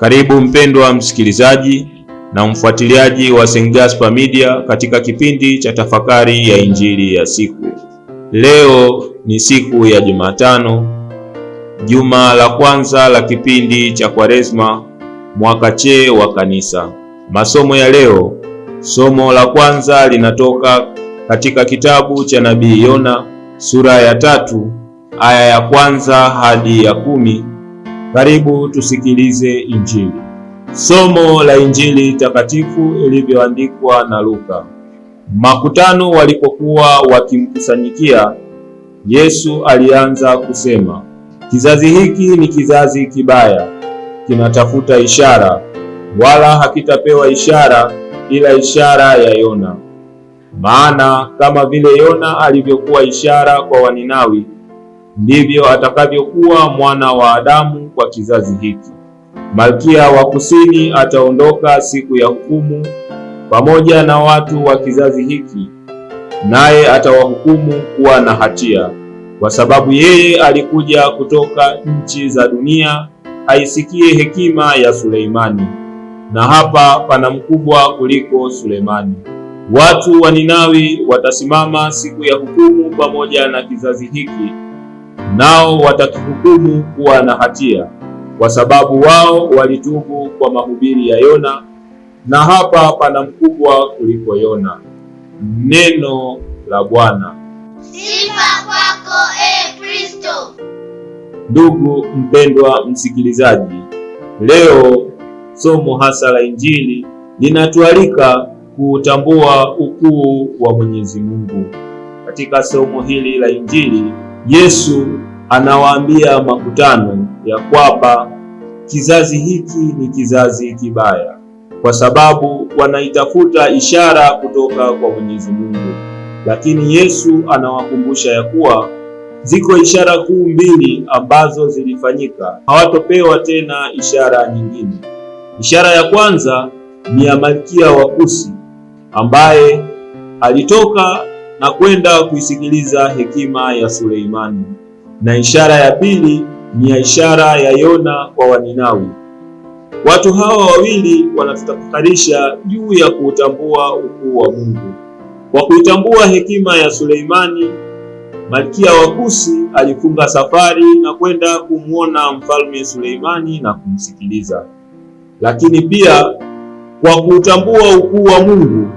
Karibu mpendwa msikilizaji na mfuatiliaji wa St. Gaspar Media katika kipindi cha tafakari ya Injili ya siku. Leo ni siku ya Jumatano, juma la kwanza la kipindi cha Kwaresma mwaka C wa Kanisa. Masomo ya leo, somo la kwanza linatoka katika kitabu cha nabii Yona sura ya tatu aya ya kwanza hadi ya kumi karibu tusikilize Injili. Somo la Injili takatifu ilivyoandikwa na Luka. Makutano walipokuwa wakimkusanyikia Yesu, alianza kusema, kizazi hiki ni kizazi kibaya, kinatafuta ishara, wala hakitapewa ishara ila ishara ya Yona. Maana kama vile Yona alivyokuwa ishara kwa Waninawi ndivyo atakavyokuwa mwana wa Adamu kwa kizazi hiki. Malkia wa kusini ataondoka siku ya hukumu pamoja na watu wa kizazi hiki, naye atawahukumu kuwa na hatia, kwa sababu yeye alikuja kutoka nchi za dunia aisikie hekima ya Suleimani, na hapa pana mkubwa kuliko Suleimani. Watu wa Ninawi watasimama siku ya hukumu pamoja na kizazi hiki nao watatuhukumu kuwa na hatia, kwa sababu wao walitubu kwa mahubiri ya Yona, na hapa pana mkubwa kuliko Yona. Neno la Bwana. Sifa kwako e Kristo. Ndugu mpendwa msikilizaji, leo somo hasa la Injili linatualika kuutambua ukuu wa Mwenyezi Mungu. Katika somo hili la Injili, Yesu anawaambia makutano ya kwamba kizazi hiki ni kizazi kibaya, kwa sababu wanaitafuta ishara kutoka kwa Mwenyezi Mungu. Lakini Yesu anawakumbusha ya kuwa ziko ishara kuu mbili ambazo zilifanyika, hawatopewa tena ishara nyingine. Ishara ya kwanza ni ya malkia wa Kusi ambaye alitoka na kwenda kuisikiliza hekima ya Suleimani na ishara ya pili ni ya ishara ya Yona kwa Waninawi. Watu hawa wawili wanatutafakarisha juu ya kuutambua ukuu wa Mungu kwa kuitambua hekima ya Suleimani. Malkia wa Kusi alifunga safari na kwenda kumwona mfalme Suleimani na kumsikiliza, lakini pia kwa kuutambua ukuu wa Mungu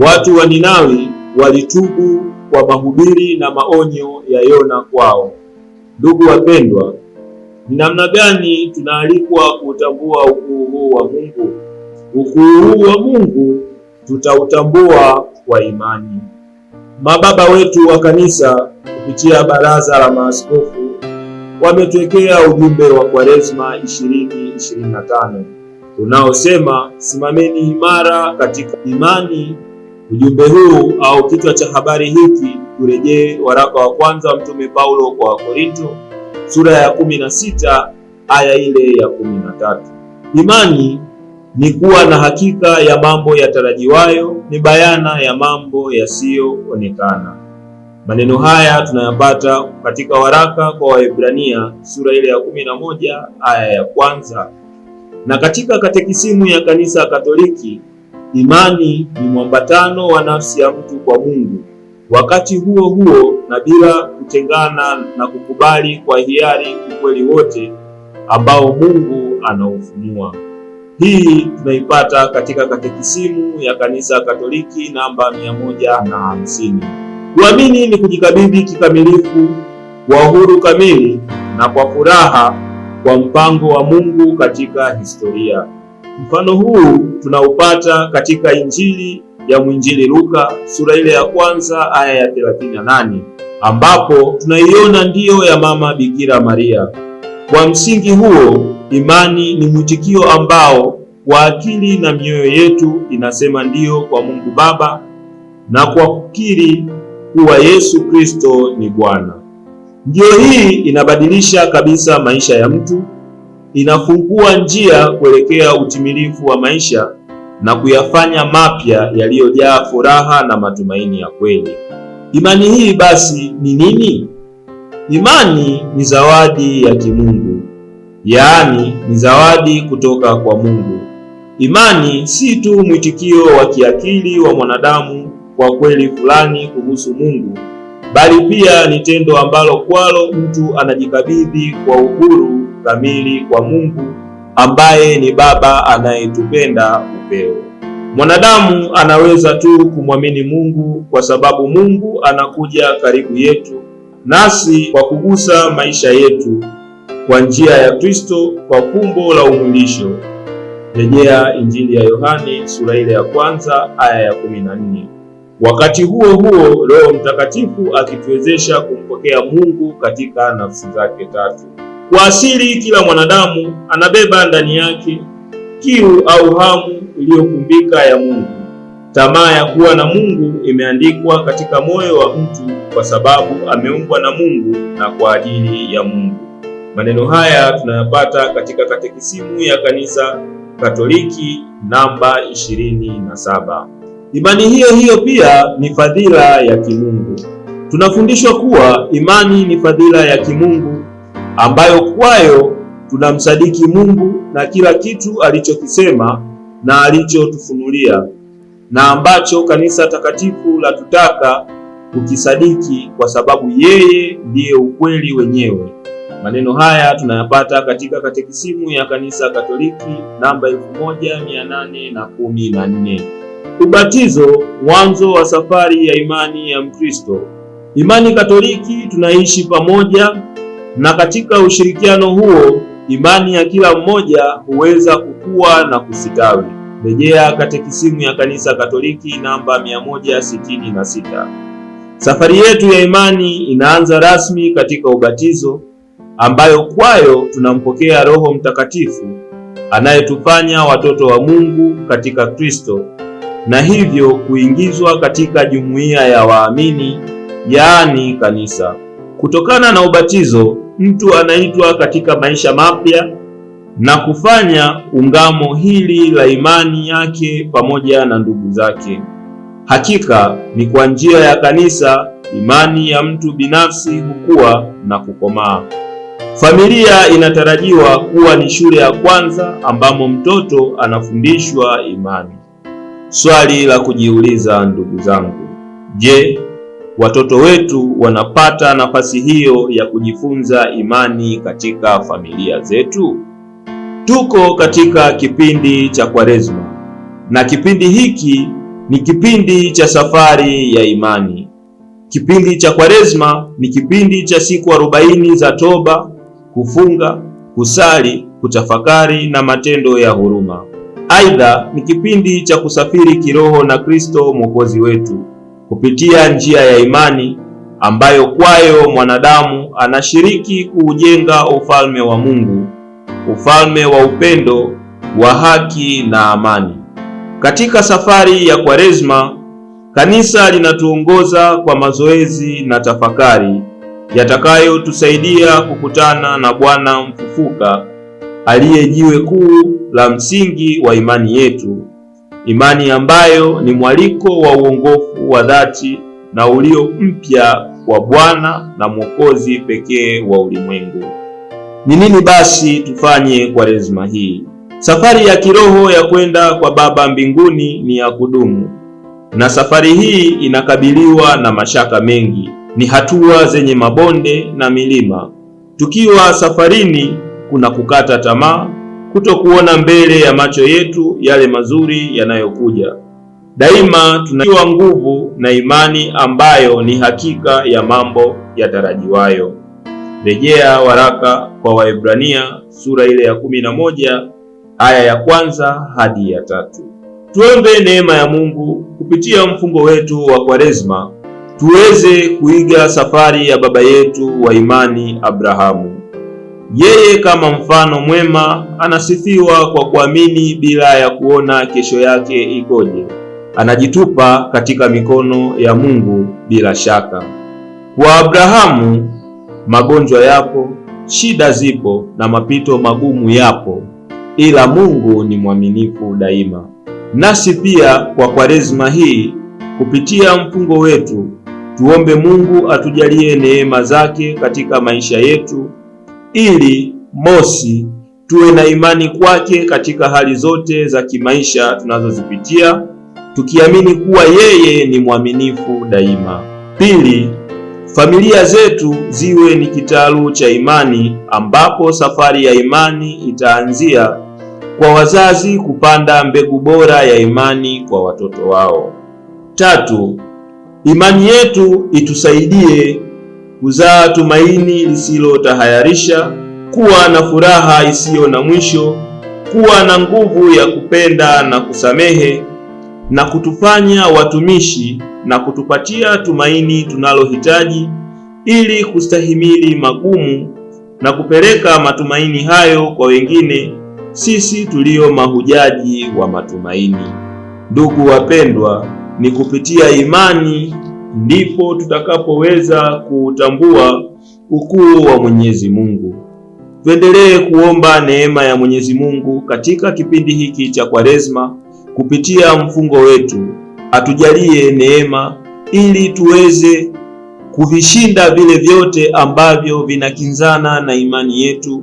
watu wa Ninawi walitubu kwa mahubiri na maonyo ya Yona kwao. Ndugu wapendwa, ni namna gani tunaalikwa kuutambua ukuu huu wa Mungu? Ukuu huu wa Mungu tutautambua kwa imani. Mababa wetu wa kanisa kupitia baraza la maaskofu wametwekea ujumbe wa Kwaresma 2025 unaosema simameni imara katika imani. Ujumbe huu au kichwa cha habari hiki turejee waraka wa kwanza wa Mtume Paulo kwa Wakorinto sura ya 16 aya ile ya 13. Imani ni kuwa na hakika ya mambo yatarajiwayo, ni bayana ya mambo yasiyoonekana. Maneno haya tunayapata katika waraka kwa Waebrania sura ile ya 11 aya ya kwanza, na katika katekisimu ya Kanisa Katoliki, imani ni mwambatano wa nafsi ya mtu kwa Mungu Wakati huo huo na bila kutengana na kukubali kwa hiari ukweli wote ambao Mungu anaufunua. Hii tunaipata katika Katekisimu ya Kanisa Katoliki namba 150 Kuamini ni kujikabidhi kikamilifu kwa uhuru kamili na kwa furaha kwa mpango wa Mungu katika historia. Mfano huu tunaupata katika Injili ya mwinjili Luka sura ile ya kwanza aya ya 38 ambapo tunaiona ndiyo ya mama Bikira Maria. Kwa msingi huo, imani ni mwitikio ambao kwa akili na mioyo yetu inasema ndiyo kwa Mungu Baba na kwa kukiri kuwa Yesu Kristo ni Bwana. Ndiyo hii inabadilisha kabisa maisha ya mtu, inafungua njia kuelekea utimilifu wa maisha na kuyafanya mapya yaliyojaa furaha na matumaini ya kweli. Imani hii basi ni nini? Imani ni zawadi ya kimungu, yaani ni zawadi kutoka kwa Mungu. Imani si tu mwitikio wa kiakili wa mwanadamu kwa kweli fulani kuhusu Mungu, bali pia ni tendo ambalo kwalo mtu anajikabidhi kwa uhuru kamili kwa Mungu ambaye ni Baba anayetupenda upeo. Mwanadamu anaweza tu kumwamini Mungu kwa sababu Mungu anakuja karibu yetu nasi kwa kugusa maisha yetu kwa njia ya Kristo kwa fumbo la umwilisho. Rejea Injili ya Yohane sura ile ya kwanza aya ya 14. Wakati huo huo, Roho Mtakatifu akituwezesha kumpokea Mungu katika nafsi zake tatu. Kwa asili kila mwanadamu anabeba ndani yake kiu au hamu iliyokumbika ya Mungu. Tamaa ya kuwa na Mungu imeandikwa katika moyo wa mtu kwa sababu ameumbwa na Mungu na kwa ajili ya Mungu. Maneno haya tunayapata katika katekisimu ya Kanisa Katoliki namba 27. Imani hiyo hiyo pia ni fadhila ya kimungu. Tunafundishwa kuwa imani ni fadhila ya kimungu ambayo kwayo tunamsadiki Mungu na kila kitu alichokisema na alichotufunulia na ambacho kanisa takatifu la tutaka kukisadiki kwa sababu yeye ndiye ukweli wenyewe. Maneno haya tunayapata katika katekisimu ya kanisa Katoliki namba 1814. Ubatizo, mwanzo wa safari ya imani ya Mkristo. Imani Katoliki tunaishi pamoja na katika ushirikiano huo imani ya kila mmoja huweza kukua na kusitawi. Rejea Katekisimu ya Kanisa Katoliki namba 166. Safari yetu ya imani inaanza rasmi katika ubatizo, ambayo kwayo tunampokea Roho Mtakatifu anayetufanya watoto wa Mungu katika Kristo na hivyo kuingizwa katika jumuiya ya waamini, yaani kanisa. Kutokana na ubatizo mtu anaitwa katika maisha mapya na kufanya ungamo hili la imani yake pamoja na ndugu zake. Hakika ni kwa njia ya kanisa imani ya mtu binafsi hukua na kukomaa. Familia inatarajiwa kuwa ni shule ya kwanza ambamo mtoto anafundishwa imani. Swali la kujiuliza ndugu zangu, je, watoto wetu wanapata nafasi hiyo ya kujifunza imani katika familia zetu? Tuko katika kipindi cha Kwaresma na kipindi hiki ni kipindi cha safari ya imani. Kipindi cha Kwaresma ni kipindi cha siku arobaini za toba, kufunga, kusali, kutafakari na matendo ya huruma. Aidha, ni kipindi cha kusafiri kiroho na Kristo Mwokozi wetu kupitia njia ya imani ambayo kwayo mwanadamu anashiriki kuujenga ufalme wa Mungu, ufalme wa upendo, wa haki na amani. Katika safari ya Kwaresma, kanisa linatuongoza kwa mazoezi na tafakari yatakayotusaidia kukutana na Bwana mfufuka aliye jiwe kuu la msingi wa imani yetu imani ambayo ni mwaliko wa uongofu wa dhati na ulio mpya kwa Bwana na Mwokozi pekee wa ulimwengu. Ni nini basi tufanye kwa rezima hii? Safari ya kiroho ya kwenda kwa Baba mbinguni ni ya kudumu, na safari hii inakabiliwa na mashaka mengi. Ni hatua zenye mabonde na milima. Tukiwa safarini, kuna kukata tamaa, kutokuona mbele ya macho yetu yale mazuri yanayokuja. Daima tunaiwa nguvu na imani ambayo ni hakika ya mambo yatarajiwayo. Rejea waraka kwa Waebrania sura ile ya kumi na moja aya ya kwanza hadi ya tatu. Tuombe neema ya Mungu kupitia mfungo wetu wa Kwaresma tuweze kuiga safari ya baba yetu wa imani Abrahamu. Yeye kama mfano mwema anasifiwa kwa kuamini bila ya kuona kesho yake ikoje. Anajitupa katika mikono ya Mungu bila shaka. Kwa Abrahamu magonjwa yapo, shida zipo na mapito magumu yapo, ila Mungu ni mwaminifu daima. Nasi pia kwa Kwaresma hii kupitia mfungo wetu tuombe Mungu atujalie neema zake katika maisha yetu ili mosi, tuwe na imani kwake katika hali zote za kimaisha tunazozipitia, tukiamini kuwa yeye ni mwaminifu daima. Pili, familia zetu ziwe ni kitalu cha imani ambapo safari ya imani itaanzia kwa wazazi kupanda mbegu bora ya imani kwa watoto wao. Tatu, imani yetu itusaidie kuzaa tumaini lisilotahayarisha, kuwa na furaha isiyo na mwisho, kuwa na nguvu ya kupenda na kusamehe, na kutufanya watumishi na kutupatia tumaini tunalohitaji ili kustahimili magumu na kupeleka matumaini hayo kwa wengine, sisi tulio mahujaji wa matumaini. Ndugu wapendwa, ni kupitia imani ndipo tutakapoweza kuutambua ukuu wa Mwenyezi Mungu. Tuendelee kuomba neema ya Mwenyezi Mungu katika kipindi hiki cha Kwaresma kupitia mfungo wetu, atujalie neema ili tuweze kuvishinda vile vyote ambavyo vinakinzana na imani yetu,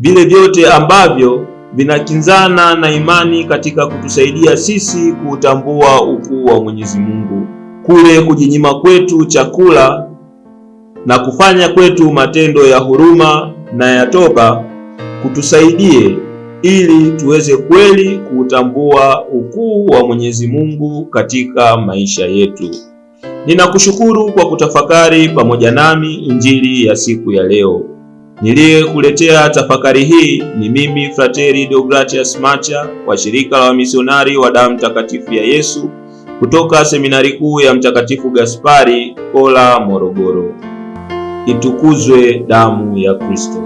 vile vyote ambavyo vinakinzana na imani katika kutusaidia sisi kuutambua ukuu wa Mwenyezi Mungu kule kujinyima kwetu chakula na kufanya kwetu matendo ya huruma na ya toba kutusaidie ili tuweze kweli kuutambua ukuu wa Mwenyezi Mungu katika maisha yetu. Ninakushukuru kwa kutafakari pamoja nami Injili ya siku ya leo. Niliyekuletea tafakari hii ni mimi Frateri Deogratias Macha wa shirika la wamisionari wa damu takatifu ya Yesu kutoka Seminari Kuu ya Mtakatifu Gaspari Kola, Morogoro. Itukuzwe Damu ya Kristo!